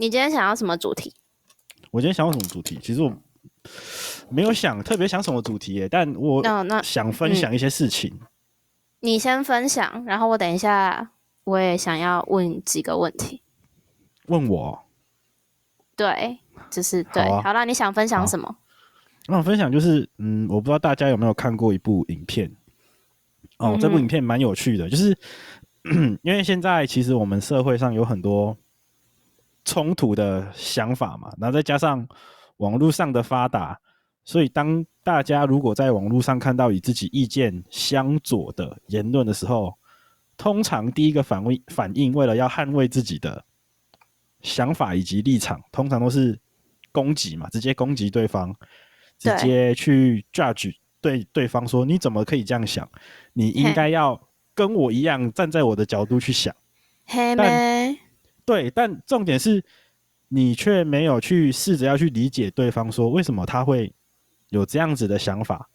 你今天想要什麼主題？我今天想要什麼主題？其實我沒有想特別想什麼主題耶、欸，但我那想分享一些事情、哦嗯。你先分享，然後我等一下我也想要問幾個問題。問我？對，就是對。好那、啊、了，你想分享什麼？啊、那我分享就是，嗯，我不知道大家有沒有看過一部影片哦，嗯、哼這部影片蠻有趣的，就是 因為現在其實我們社會上有很多，衝突的想法嘛，然後再加上網絡上的發達，所以當大家如果在網絡上看到與自己意見相左的言論的時候，通常第一個反衛反應，為了要捍衛自己的想法以及立場，通常都是攻擊嘛，直接攻擊對方，對，直接去 judge 對對方說你怎麼可以這樣想？你應該要跟我一樣站在我的角度去想，嘿但。對，但重點是，你卻沒有去試着要去理解對方說為什麼他會有這樣子的想法，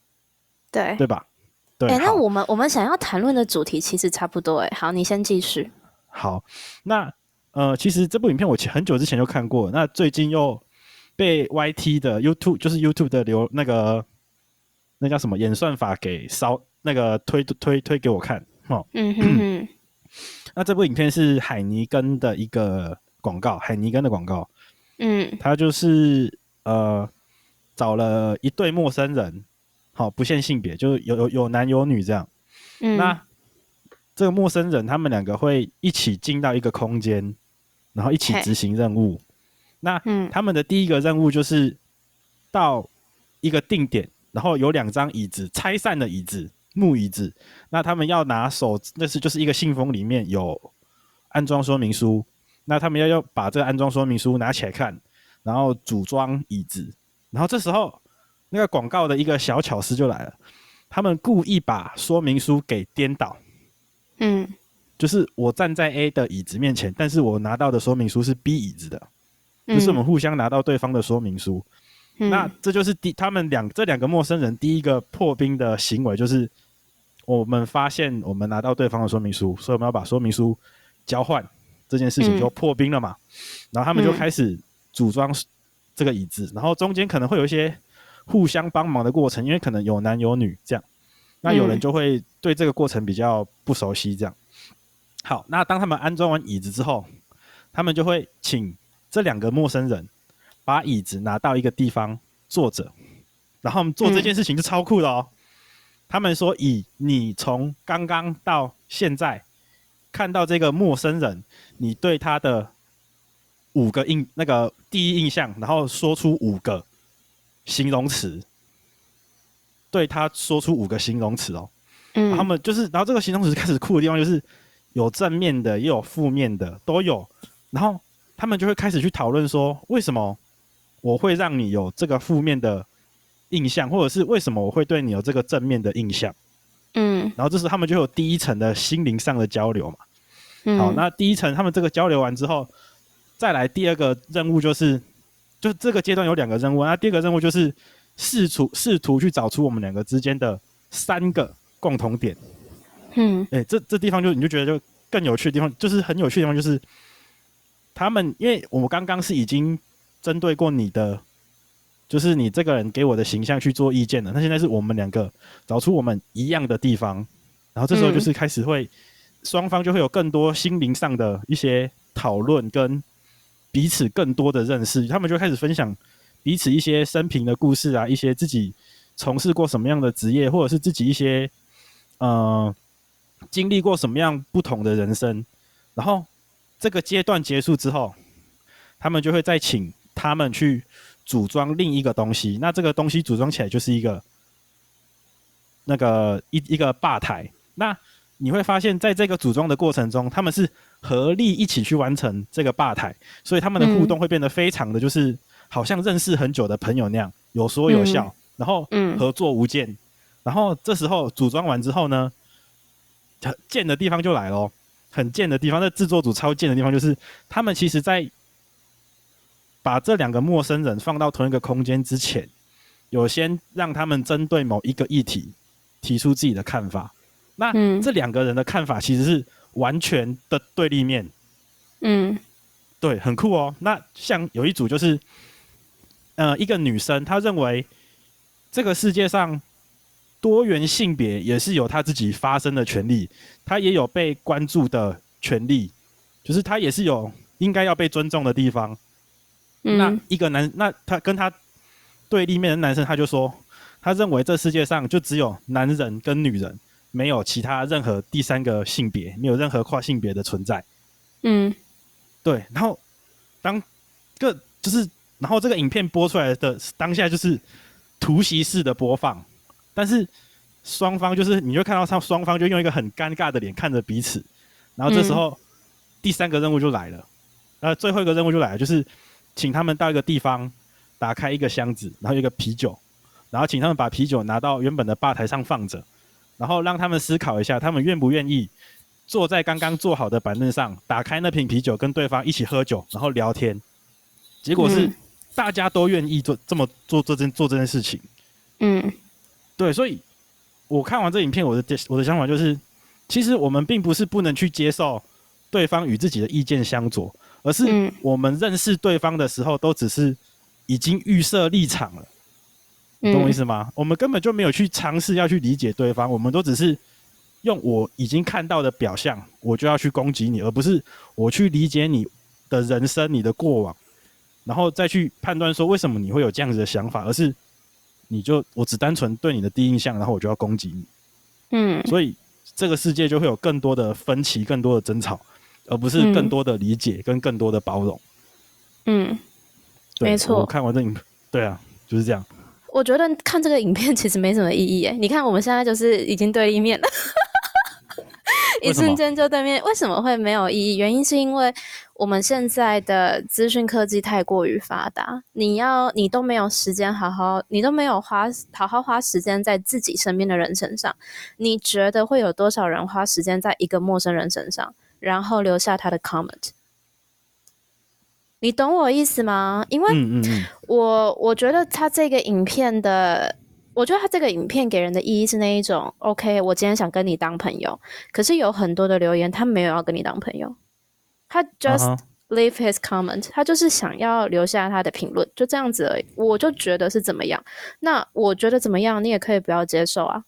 對對吧？對、欸、好那我們我們想要談論的主題其實差不多哎。好，你先繼續。好，那呃，其實這部影片我很久之前就看過，那最近又被 YT 的 YouTube 就是 YouTube 的流那個那叫什麼演算法給燒那個推推推，推給我看、哦、嗯哼哼。 那這部影片是海尼根的一個廣告，海尼根的廣告，嗯，他就是呃找了一對陌生人，好、哦、不限性別，就是有有有男有女這樣，嗯、那這個陌生人他們兩個會一起進到一個空間，然後一起執行任務。嗯、那他們的第一個任務就是到一個定點，然後有兩張椅子，拆散的椅子。木椅子，那他們要拿手，那是就是一個信封裡面有安裝說明書，那他們要要把這個安裝說明書拿起來看，然後組裝椅子，然後這時候那個廣告的一個小巧思就來了，他們故意把說明書給顛倒，嗯，就是我站在 A 的椅子面前，但是我拿到的說明書是 B 椅子的，就是我們互相拿到對方的說明書，嗯，那這就是第他們兩這兩個陌生人第一個破冰的行為就是。我們發現我們拿到對方的說明書，所以我們要把說明書交換這件事情就破冰了嘛。嗯、然後他們就開始組裝這個椅子，嗯、然後中間可能會有一些互相幫忙的過程，因為可能有男有女這樣，那有人就會對這個過程比較不熟悉這樣。嗯、好，那當他們安裝完椅子之後，他們就會請這兩個陌生人把椅子拿到一個地方坐着，然後我們做這件事情就超酷的哦。嗯他們說：“以你從剛剛到現在看到這個陌生人，你對他的五個印那個第一印象，然後說出五個形容詞，對他說出五個形容詞哦。”嗯，他們就是，然後這個形容詞開始酷的地方就是有正面的，也有負面的，都有。然後他們就會開始去討論說，為什麼我會讓你有這個負面的？印象，或者是為什麼我會對你有這個正面的印象？嗯，然後這是他們就有第一層的心靈上的交流嘛。嗯、好，那第一層他們這個交流完之後，再來第二個任務就是，就是這個階段有兩個任務。那第二個任務就是試圖試圖去找出我們兩個之間的三個共同點。嗯，哎、欸，這這地方就你就覺得就更有趣的地方，就是很有趣的地方就是，他們因為我剛剛是已經針對過你的。就是你這個人給我的形象去做意見了。那現在是我們兩個找出我們一樣的地方，然後這時候就是開始會、嗯、雙方就會有更多心靈上的一些討論跟彼此更多的認識。他們就開始分享彼此一些生平的故事啊，一些自己從事過什麼樣的職業，或者是自己一些嗯、呃、經歷過什麼樣不同的人生。然後這個階段結束之後，他們就會再請他們去。組裝另一個東西，那這個東西組裝起來就是一個那個一一個吧台。那你會發現在這個組裝的過程中，他們是合力一起去完成這個吧台，所以他們的互動會變得非常的，就是、嗯、好像認識很久的朋友那樣，有說有笑，嗯、然後合作無間。嗯、然後這時候組裝完之後呢，很賤的地方就來咯，很賤的地方，那制作組超賤的地方，就是他們其實在。把這兩個陌生人放到同一個空間之前，有先讓他們針對某一個議題提出自己的看法。那、嗯、這兩個人的看法其實是完全的對立面。嗯，對，很酷哦。那像有一組就是，呃，一個女生，她認為這個世界上多元性別也是有她自己發聲的權利，她也有被關注的權利，就是她也是有應該要被尊重的地方。那一個男，那他跟他對立面的男生，他就說，他認為這世界上就只有男人跟女人，沒有其他任何第三個性別，沒有任何跨性別的存在。嗯，對。然後當個就是，然後這個影片播出來的當下就是突襲式的播放，但是雙方就是你就看到他雙方就用一個很尷尬的臉看着彼此，然後這時候、嗯、第三個任務就來了，那、呃、最後一個任務就來了，就是。請他們到一個地方，打開一個箱子，然後一個啤酒，然後請他們把啤酒拿到原本的吧台上放着，然後讓他們思考一下，他們願不願意坐在剛剛做好的板凳上，打開那瓶啤酒，跟對方一起喝酒，然後聊天。結果是大家都願意做這麼做做這做這件事情。嗯，對，所以我看完這影片，我的我的想法就是，其實我們並不是不能去接受。對方與自己的意見相左，而是我們認識對方的時候，都只是已經預設立場了，嗯、懂我意思嗎？嗯、我們根本就沒有去嘗試要去理解對方，我們都只是用我已經看到的表象，我就要去攻擊你，而不是我去理解你的人生、你的過往，然後再去判斷說為什麼你會有這樣子的想法，而是你就我只單純對你的第一印象，然後我就要攻擊你。嗯，所以這個世界就會有更多的分歧，更多的爭吵。而不是更多的理解跟更多的包容，嗯，嗯，對沒錯，我看完這影片，對啊，就是這樣。我覺得看這個影片其實沒什麼意義。你看我們現在就是已經對立面了，一瞬間就對面，為什，為什麼會沒有意義？原因是因為我們現在的資訊科技太過於發達，你要你都沒有時間好好，你都沒有花好好花時間在自己身邊的人身上，你覺得會有多少人花時間在一個陌生人身上？然後留下他的 comment，你懂我意思嗎？因為我，我我覺得他這個影片的，我覺得他這個影片給人的意義是那一種，OK，我今天想跟你當朋友，可是有很多的留言他沒有要跟你當朋友，他 just leave his comment，Uh-huh. 他就是想要留下他的評論，就這樣子而已。我就覺得是怎麼樣，那我覺得怎麼樣，你也可以不要接受啊。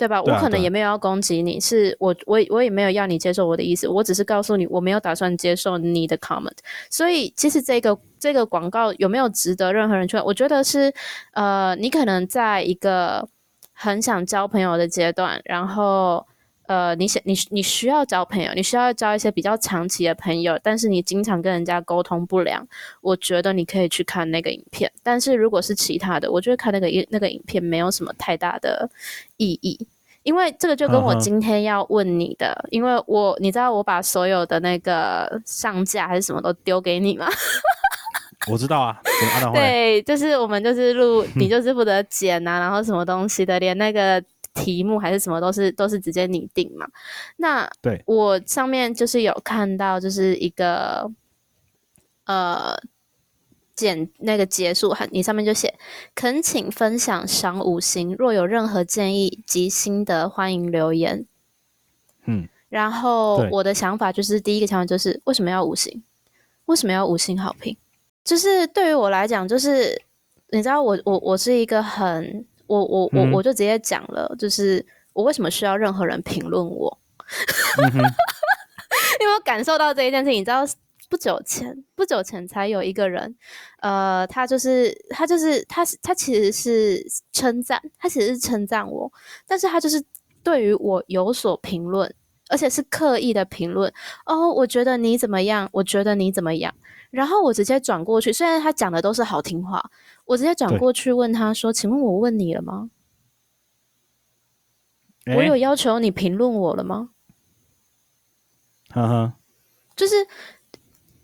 對吧？我可能也沒有要攻擊你，是我我我也沒有要你接受我的意思，我只是告訴你，我沒有打算接受你的 comment。所以其實這個這個廣告有沒有值得任何人去？我覺得是，呃，你可能在一個很想交朋友的階段，然後。呃，你想你你需要交朋友，你需要交一些比較長期的朋友，但是你經常跟人家溝通不良，我覺得你可以去看那個影片。但是如果是其他的，我覺得看那個影那個影片沒有什麼太大的意義，因為這個就跟我今天要問你的，呵呵。因為我你知道我把所有的那個上架還是什麼都丟給你嗎？ 我知道啊，的話對，就是我們就是錄你就是負責剪啊， 然後什麼東西的，連那個。題目還是什麼都是都是直接擬定嘛？那對，我上面就是有看到就是一個呃，剪那個結束，你上面就寫懇請分享賞五星，若有任何建議及心得，歡迎留言。嗯，然後對我的想法就是，第一個想法就是為什麼要五星？為什麼要五星好評？就是對於我來講，就是你知道我我我是一個很。我我我我就直接講了，嗯、就是我為什麼需要任何人評論我？哈、嗯哼，因為我感受到這一件事情，你知道不久前，不久前才有一個人，呃，他就是他就是他他其實是稱讚，他其實是稱讚我，但是他就是對於我有所評論。而且是刻意的評論哦，我覺得你怎麼樣？我覺得你怎麼樣？然後我直接轉過去，雖然他講的都是好聽話，我直接轉過去問他說：“對請問，我問你了嗎？欸、我有要求你評論我了嗎？”哈哈呵，就是，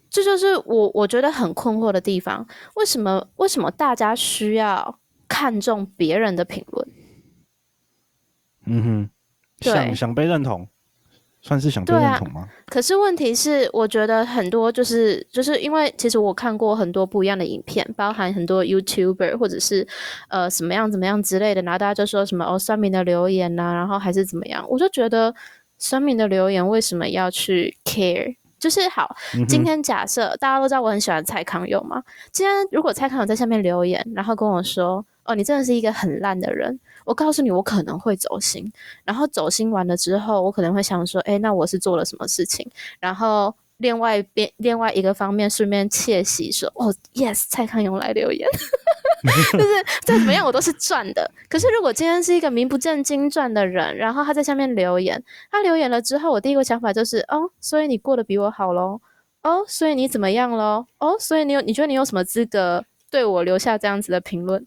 這就是我我覺得很困惑的地方。為什麼？為什麼大家需要看重別人的評論？嗯哼，想想被認同。算是想認同嗎？對啊，可是問題是，我覺得很多就是就是因為，其實我看過很多不一樣的影片，包含很多 YouTuber 或者是呃什麼樣怎麼樣之類的，然後大家就說什麼哦酸民的留言啊，然後還是怎麼樣，我就覺得酸民的留言為什麼要去 care？就是好，嗯、哼今天假設大家都知道我很喜歡蔡康永嘛，今天如果蔡康永在下面留言，然後跟我說，哦，你真的是一個很爛的人，我告訴你，我可能會走心。然後走心完了之後，我可能會想說，哎、欸，那我是做了什麼事情？然後另外邊另外一個方面，順便竊喜說，哦，yes，蔡康永來留言。 就是再怎麼樣，我都是賺的。可是如果今天是一個名不見經傳的人，然後他在下面留言，他留言了之後，我第一個想法就是：哦，所以你過得比我好嘍？哦，所以你怎麼樣嘍？哦，所以你有你覺得你有什麼資格對我留下這樣子的評論？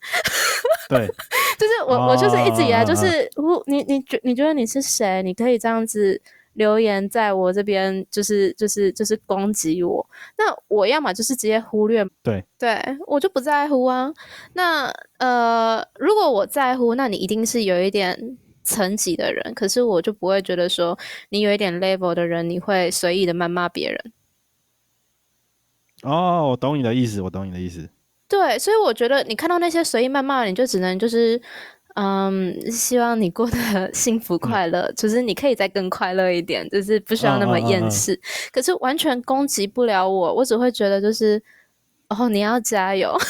對， 就是我，我就是一直以來就是，oh, oh, oh, oh, oh. 你你覺你覺得你是誰？你可以這樣子。留言在我這邊就是就是就是攻擊我，那我要麼就是直接忽略，對對，我就不在乎啊。那呃，如果我在乎，那你一定是有一點層級的人。可是我就不會覺得說你有一點 level 的人，你會隨意的謾罵別人。哦，我懂你的意思，我懂你的意思。對，所以我覺得你看到那些隨意謾罵，你就只能就是。嗯，um, 希望你過得幸福快樂，嗯、就是你可以再更快樂一點，就是不需要那麼厭世。Oh, oh, oh, oh. 可是完全攻擊不了我，我只會覺得就是，哦，你要加油。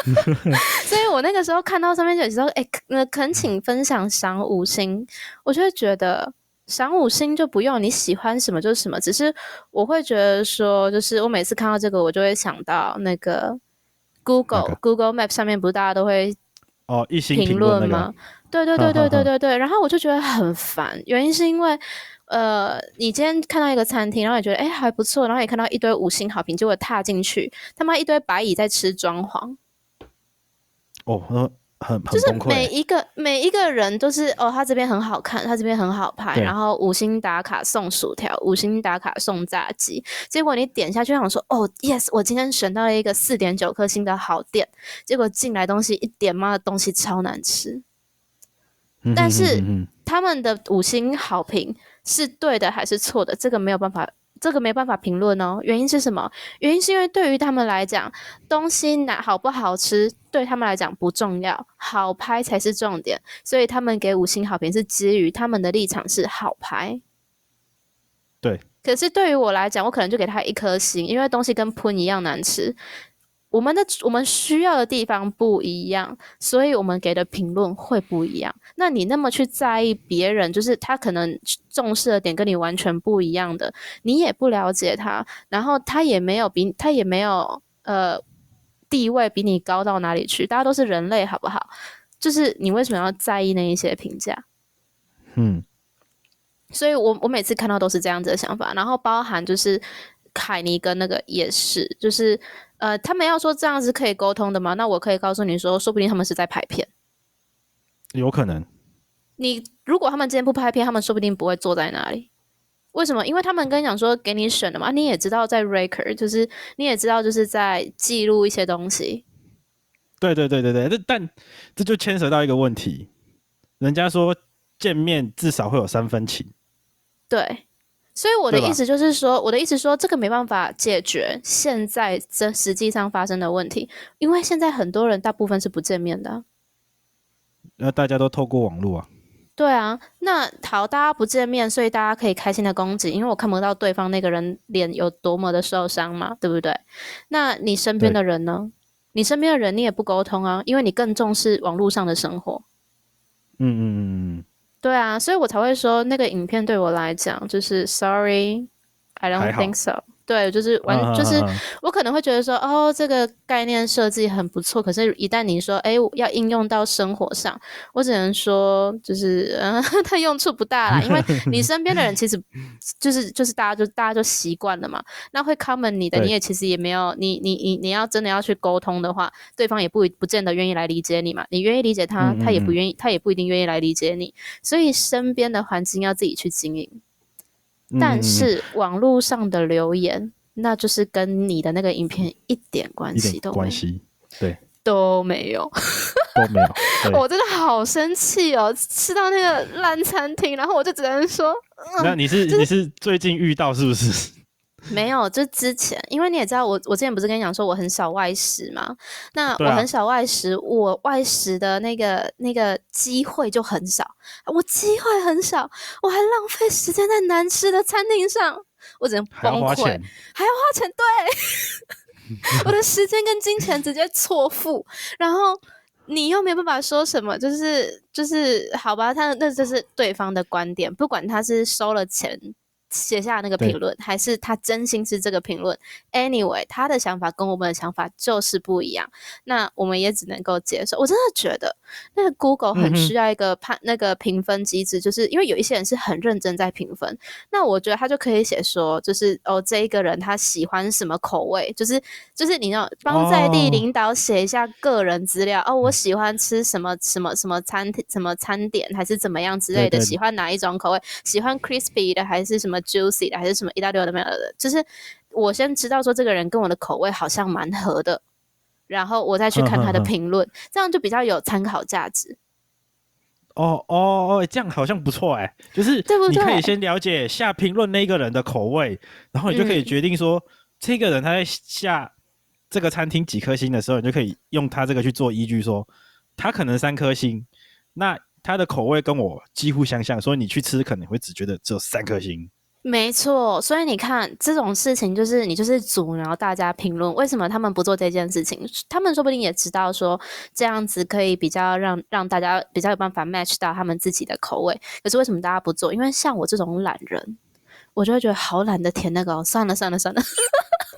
所以我那個時候看到上面時候，哎，那懇請分享賞五星，我就會覺得賞五星就不用，你喜歡什麼就什麼，只是我會覺得說，就是我每次看到這個，我就會想到那個 Google, Okay. Google Google Map 上面不是大家都會。哦，一星評論、那個、嗎？對對對對對對對。呵呵呵然後我就覺得很煩，原因是因為，呃，你今天看到一個餐廳，然後你覺得哎、欸、還不錯，然後你看到一堆五星好評，結果踏進去。他媽一堆白蟻在吃裝潢。哦，很，很就是每一個每一個人都是哦，他這邊很好看，他這邊很好拍，然後五星打卡送薯條，對五星打卡送炸雞。結果你點下去，想說哦，yes，我今天選到了一個四點九顆星的好店，結果進來東西一點媽的東西超難吃。 但是他們的五星好評是對的還是錯的？這個沒有辦法。這個沒辦法評論哦，原因是什麼？原因是因為對於他們來講，東西拿好不好吃，對他們來講不重要，好拍才是重點，所以他們給五星好評是基於他們的立場是好拍。對。可是對於我來講，我可能就給他一顆星，因為東西跟噴一樣難吃。我們的我們需要的地方不一樣，所以我們給的評論會不一樣。那你那麼去在意別人，就是他可能重視的點跟你完全不一樣的，你也不了解他，然後他也沒有比他也沒有呃地位比你高到哪裡去。大家都是人類，好不好？就是你為什麼要在意那一些評價？嗯，所以我我每次看到都是這樣子的想法，然後包含就是海尼根那個也是就是。呃，他們要說這樣子可以溝通的嗎？那我可以告訴你說，說不定他們是在拍片，有可能。你如果他們今天不拍片，他們說不定不會坐在那裡。為什麼？因為他們跟你講說給你選的嘛，啊、你也知道在 record，就是你也知道就是在記錄一些東西。對對對對對，這但這就牽扯到一個問題，人家說見面至少會有三分情。對。所以我的意思就是說，吧我的意思說這個沒辦法解決現在這實際上發生的問題，因為現在很多人大部分是不見面的、啊。那大家都透過網絡啊。對啊，那好，大家不見面，所以大家可以開心的攻擊，因為我看不到對方那個人臉有多麼的受傷嘛，對不對？那你身邊的人呢？對你身邊的人你也不溝通啊，因為你更重視網絡上的生活。嗯嗯嗯嗯。對啊，所以我才會說那個影片對我來講就是，sorry，I 好 don't think so。對，就是完，就是我可能會覺得說，uh, 哦，這個概念設計很不錯。可是，一旦你說，哎，要應用到生活上，我只能說，就是，嗯、呃，它用處不大啦。因為你身邊的人，其實、就是、 就是，就是大家就大家就習慣了嘛，那會 common 你的，你也其實也沒有你你你你要真的要去溝通的話，對方也不不見得願意來理解你嘛。你願意理解他，嗯嗯嗯他也不願意，他也不一定願意來理解你。所以，身邊的環境要自己去經營。但是網絡上的留言，嗯、那就是跟你的那個影片，一點關係都沒有，對，都沒有，都沒有。我真的好生氣哦！吃到那個爛餐廳，然後我就只能說，那、嗯、你是，是你是最近遇到是不是？ 沒有，就之前，因為你也知道我，我我之前不是跟你講說我很少外食嘛？那我很少外食，啊、我外食的那個那個機會就很少，我機會很少，我還浪費時間在難吃的餐廳上，我只能崩潰，還要花錢，還要花錢，對， 我的時間跟金錢直接錯付， 然後你又沒辦法說什麼，就是就是好吧，他那就是對方的觀點，不管他是收了錢。寫下那個評論，對還是他真心是這個評論？Anyway，他的想法跟我們的想法就是不一樣，那我們也只能夠接受。我真的覺得那個 Google 很需要一個判、嗯、哼那個評分機制，就是因為有一些人是很認真在評分，那我覺得他就可以寫說，就是哦，這一個人他喜歡什麼口味，就是就是你要幫在地領導寫一下個人資料哦，哦，我喜歡吃什麼什麼什麼餐什麼餐點，還是怎麼樣之類的，對對對，喜歡哪一種口味，喜歡 crispy 的還是什麼。juicy 的還是什麼意大利都沒有的，就是我先知道說這個人跟我的口味好像蠻合的，然後我再去看他的評論，嗯嗯嗯、這樣就比較有參考價值。哦哦哦，這樣好像不錯哎、欸，就是你可以先了解下評論那個人的口味， 對對然後你就可以決定說、嗯、這個人他在下這個餐廳幾顆星的時候，你就可以用他這個去做依據說，說他可能三顆星，那他的口味跟我幾乎相像，所以你去吃可能會只覺得只有三顆星。沒錯，所以你看這種事情，就是你就是阻撓大家評論。為什麼他們不做這件事情？他們說不定也知道，說這樣子可以比較讓讓大家比較有辦法 match 到他們自己的口味。可是為什麼大家不做？因為像我這種懶人，我就會覺得好懶得填那個、喔，算了算了算了。算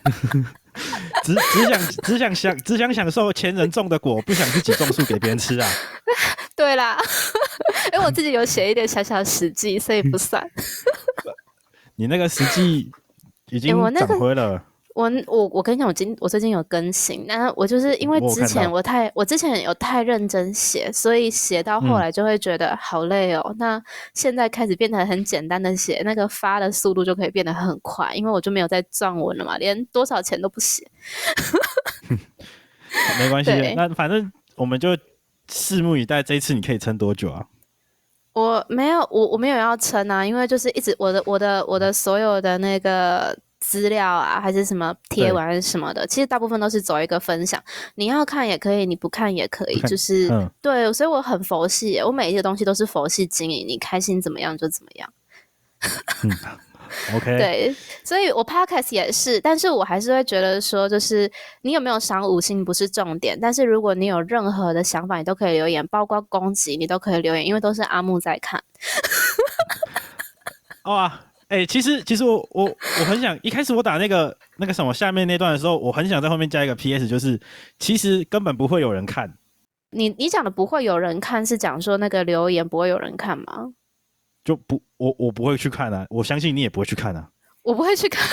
了算了 只只想只想享只想享受前人種的果，不想自己種樹給別人吃啊。 對啦，因 為、欸、我自己有寫一點小小史記， 所以不算。 你那個實際已經回了、欸、我那個，我我我跟你講，我今我最近有更新，那我就是因為之前我太我,我之前有太認真寫，所以寫到後來就會覺得好累哦。嗯、那現在開始變成很簡單的寫，那個發的速度就可以變得很快，因為我就沒有再撰文了嘛，連多少錢都不寫。 沒關係對那反正我們就拭目以待，這一次你可以撐多久啊？我沒有，我我沒有要稱啊，因為就是一直我的我的我的所有的那個資料啊，還是什麼貼文什麼的，對其實大部分都是走一個分享。你要看也可以，你不看也可以，Okay. 就是、嗯、對，所以我很佛系，我每一個東西都是佛系經營，你開心怎麼樣就怎麼樣。 嗯 OK，對，所以我 podcast 也是，但是我還是會覺得說，就是你有沒有賞五星不是重點，但是如果你有任何的想法，你都可以留言，包括攻擊，你都可以留言，因為都是阿木在看。哦、 oh, 啊，哎、欸，其實其實我我我很想一開始我打那個那個什麼下面那段的時候，我很想在後面加一個 PS，就是其實根本不會有人看。你你講的不會有人看，是講說那個留言不會有人看嗎？就不我我不會去看啊，我相信你也不會去看啊。我不會去看，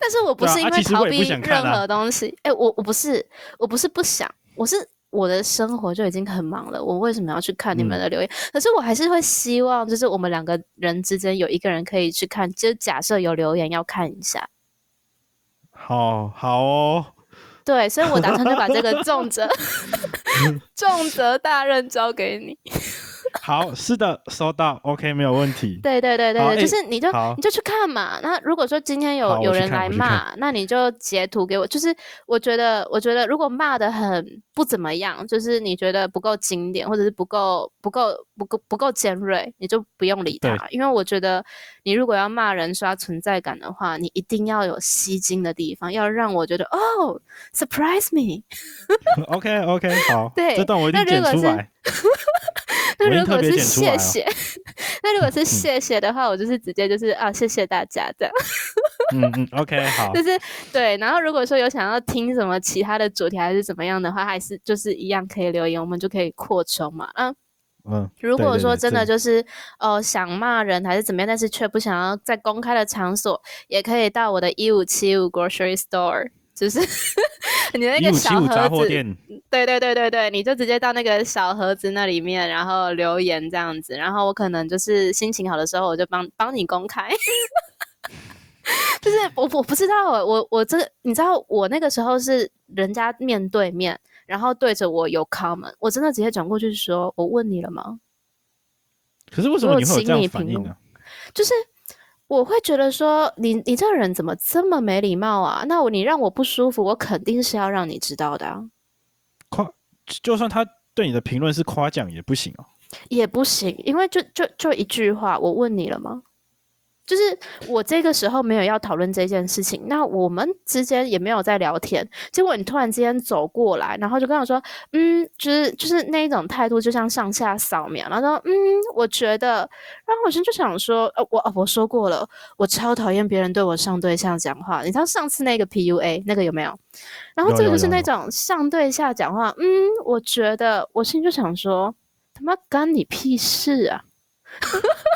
但是我不是因為逃避任何東西。哎、啊啊啊欸，我我不是我不是不想，我是我的生活就已經很忙了，我為什麼要去看你們的留言？嗯、可是我還是會希望，就是我們兩個人之間有一個人可以去看，就假設有留言要看一下。好，好哦。對，所以我打算就把這個重責 重責大任交給你。好，是的，收到，OK，沒有問題。對對對對對，就是你就你就去看嘛。那如果說今天有有人來罵，那你就截圖給我。就是我覺得，我覺得如果罵的很不怎麼樣，就是你覺得不夠經典，或者是不夠不夠不夠不夠尖銳，你就不用理他。因為我覺得你如果要罵人刷存在感的話，你一定要有吸睛的地方，要讓我覺得哦，surprise me。OK OK，好，對，這段我一定剪出來。那如果是謝謝， 那如果是謝謝的話，嗯、我就是直接就是啊，謝謝大家這樣。嗯嗯，OK，好，就是對。然後如果說有想要聽什麼其他的主題還是怎麼樣的話，還是就是一樣可以留言，我們就可以擴充嘛。嗯嗯，如果說真的就是哦、呃、想罵人還是怎麼樣，但是卻不想要在公開的場所，也可以到我的一五七五 Grocery Store。就是 你的那個小盒子，對對對對對，對，你就直接到那個小盒子那裡面，然後留言這樣子，然後我可能就是心情好的時候，我就幫幫你公開。 就是我我不知道、欸，我我這個你知道，我那個時候是人家面對面，然後對着我有 comment，我真的直接轉過去說，我問你了嗎？可是為什麼你會這樣反應？啊、就是。我會覺得說你你這個人怎麼這麼沒禮貌啊？那我你讓我不舒服，我肯定是要讓你知道的啊。誇，就算他對你的評論是誇獎也不行哦。也不行，因為就就就一句話，我問你了嗎？就是我這個時候沒有要討論這件事情，那我們之間也沒有在聊天。結果你突然之間走過來，然後就跟我說：“嗯，就是就是那一種態度，就像上下掃描。”然後說嗯，我覺得，然後我心就想說：“呃、哦，我、哦、我說過了，我超討厭別人對我上對下講話。”你知道上次那個 PUA 那個有沒有？然後這個就是那種上對下講話，嗯，我覺得我心就想說：“他媽幹你屁事啊！”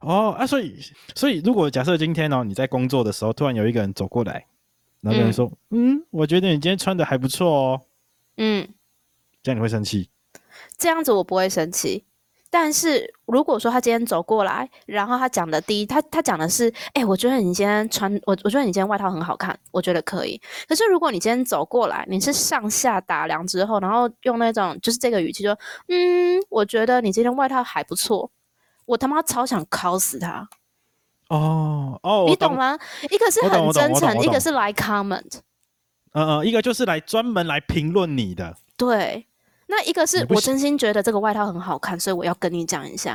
哦啊，所以所以如果假設今天呢、喔，你在工作的時候，突然有一個人走過來，然後跟你說嗯：“嗯，我覺得你今天穿的還不錯哦、喔。”嗯，這樣你會生氣？這樣子我不會生氣。但是如果說他今天走過來，然後他講的第一，他他講的是：“哎、欸，我覺得你今天穿，我我覺得你今天外套很好看，我覺得可以。”可是如果你今天走過來，你是上下打量之後，然後用那種就是這個語氣說：“嗯，我覺得你今天外套還不錯。”我他媽超想烤死他！哦哦，你懂嗎？懂，一個是很真誠，一個是來 comment。嗯嗯，一個就是來專門來評論你的。對，那一個是我真心覺得這個外套很好看，所以我要跟你講一下。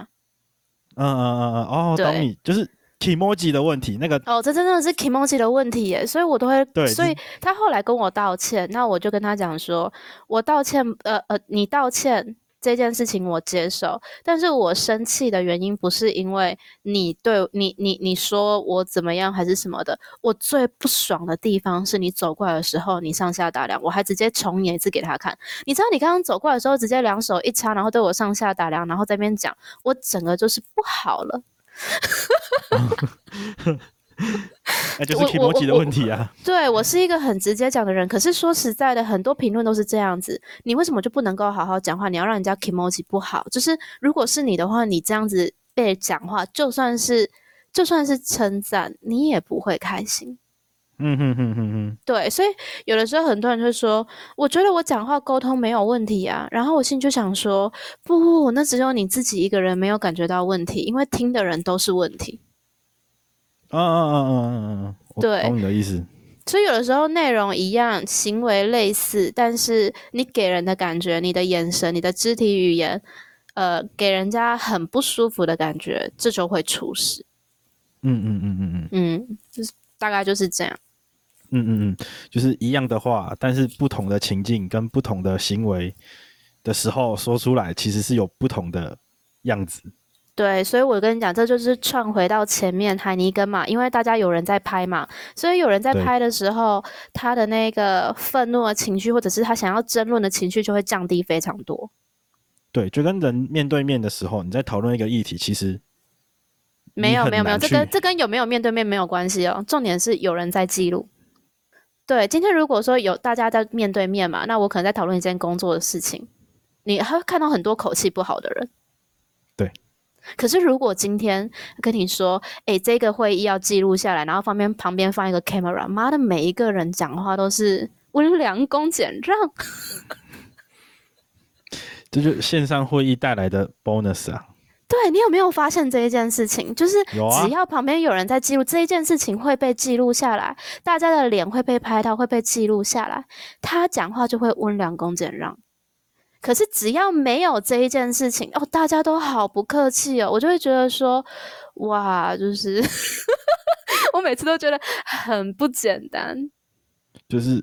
對嗯嗯嗯嗯，哦，懂你，就是 kimochi 的問題。那個哦，oh, 這真的是 kimochi 的問題耶，所以我都會。對，所以他後來跟我道歉，聽那我就跟他講說，我道歉，呃呃，你道歉。這件事情我接受，但是我生氣的原因不是因為你對你你你說我怎麼樣還是什麼的，我最不爽的地方是你走過來的時候，你上下打量，我還直接重演一次給他看。你知道你剛剛走過來的時候，直接兩手一插，然後對我上下打量，然後在那邊講，我整個就是不好了。 那、 欸、就是 kimochi 的問題啊！我我我對我是一個很直接講的人，可是說實在的，很多評論都是這樣子。你為什麼就不能夠好好講話？你要讓人家 kimochi 不好，就是如果是你的話，你這樣子被講話，就算是就算是稱讚，你也不會開心。嗯哼哼哼哼，對，所以有的時候很多人就說：“我覺得我講話溝通沒有問題啊。”然後我心裡就想說：“不，那只有你自己一個人沒有感覺到問題，因為聽的人都是問題。”對嗯嗯嗯嗯嗯嗯對、嗯，懂你的意思。所以有的時候內容一樣，行為類似，但是你給人的感覺、你的眼神、你的肢體語言，呃，給人家很不舒服的感覺，這就會出事。嗯嗯嗯嗯嗯，嗯，就是大概就是這樣。嗯嗯嗯，就是一樣的話，但是不同的情境跟不同的行為的時候說出來，其實是有不同的樣子。對，所以我跟你講，這就是串回到前面海尼根嘛，因為大家有人在拍嘛，所以有人在拍的時候，對他的那個憤怒的情緒或者是他想要爭論的情緒就會降低非常多。對，就跟人面對面的時候，你在討論一個議題，其實沒有沒有沒有，這跟這跟有沒有面對面沒有關係哦，重點是有人在記錄。對，今天如果說有大家在面對面嘛，那我可能在討論一件工作的事情，你還會看到很多口氣不好的人。可是，如果今天跟你說，誒、欸，這個會議要記錄下來，然後旁邊旁邊放一個 camera，媽的，每一個人講話都是溫良恭儉讓， 這就線上會議帶來的 bonus 啊。對，你有沒有發現這一件事情？就是只要旁邊有人在記錄，啊、這一件事情會被記錄下來，大家的臉會被拍到，會被記錄下來，他講話就會溫良恭儉讓。可是只要沒有這一件事情哦，大家都好不客氣哦，我就會覺得說，哇，就是 我每次都覺得很不簡單，就是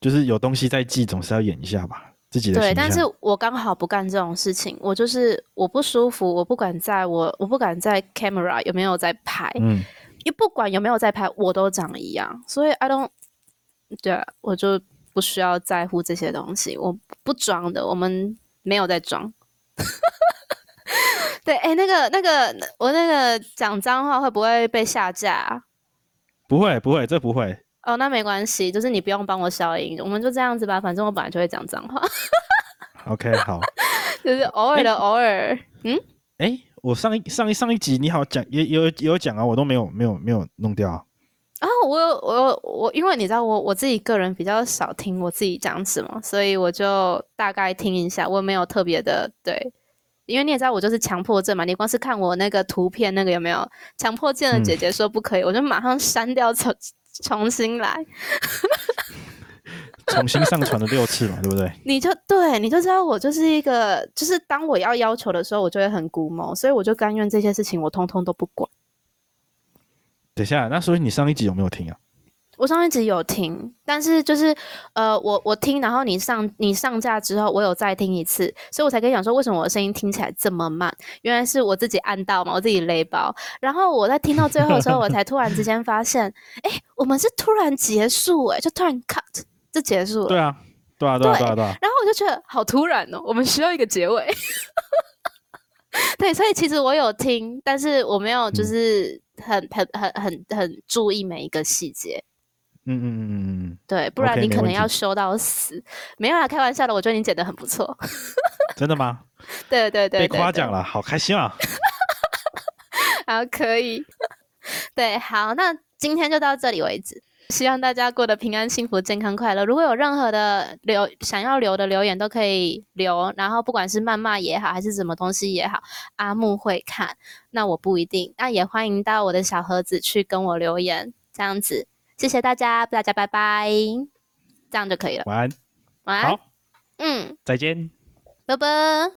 就是有東西在記，總是要演一下吧，自己的形象。對。但是我剛好不幹這種事情，我就是我不舒服，我不敢在我我不敢在 camera 有沒有在拍，嗯，又不管有沒有在拍，我都長一樣，所以 I don't，對，我就。不需要在乎這些東西，我不裝的，我們沒有在裝。 對，哎、欸，那個、那個，我那個講髒話會不會被下架、啊？不會，不會，這不會。哦，那沒關係，就是你不用幫我消音，我們就這樣子吧。反正我本來就會講髒話。 OK，好，就是偶爾的偶爾。欸、嗯，哎、欸，我上一上一上一集你好講也有有講啊，我都沒有沒有沒有弄掉、啊。我我我，因為你知道我我自己個人比較少聽我自己講什麼嘛，所以我就大概聽一下，我沒有特別的對，因為你也知道我就是強迫症嘛，你光是看我那個圖片那個有沒有強迫症的姐姐說不可以，嗯、我就馬上刪掉重重新來， 重新上傳了六次嘛，對不對？你就對，你就知道我就是一個，就是當我要要求的時候，我就會很龜毛，所以我就甘願這些事情我通通都不管。等一下，那所以你上一集有沒有聽啊？我上一集有聽，但是就是呃，我我聽，然後你上你上架之後，我有再聽一次，所以我才可以講說，為什麼我的聲音聽起來這麼慢？原來是我自己按到嘛，我自己雷包。然後我在聽到最後的時候，我才突然之間發現，哎、 欸，我們是突然結束，欸，哎，就突然 cut 就結束了。對啊，對啊，對啊，對，對啊，對啊，對啊，然後我就覺得好突然哦，喔，我們需要一個結尾。 對，所以其實我有聽，但是我沒有就是。嗯很很很很很注意每一個細節，嗯嗯嗯嗯嗯，嗯對，不然你可能要修到死。沒，沒有啦，開玩笑的，我覺得你剪的很不錯。 真的嗎？對對對，對對對，被誇獎了，好開心啊！ 好，可以。 對，好，那今天就到這裡為止。希望大家過得平安、幸福、健康、快樂。如果有任何的留想要留的留言，都可以留。然後不管是謾罵也好，還是什麼東西也好，阿木會看。那我不一定。那也歡迎到我的小盒子去跟我留言，這樣子。謝謝大家，大家拜拜。這樣就可以了。晚安，晚安。好。嗯。再見，拜拜。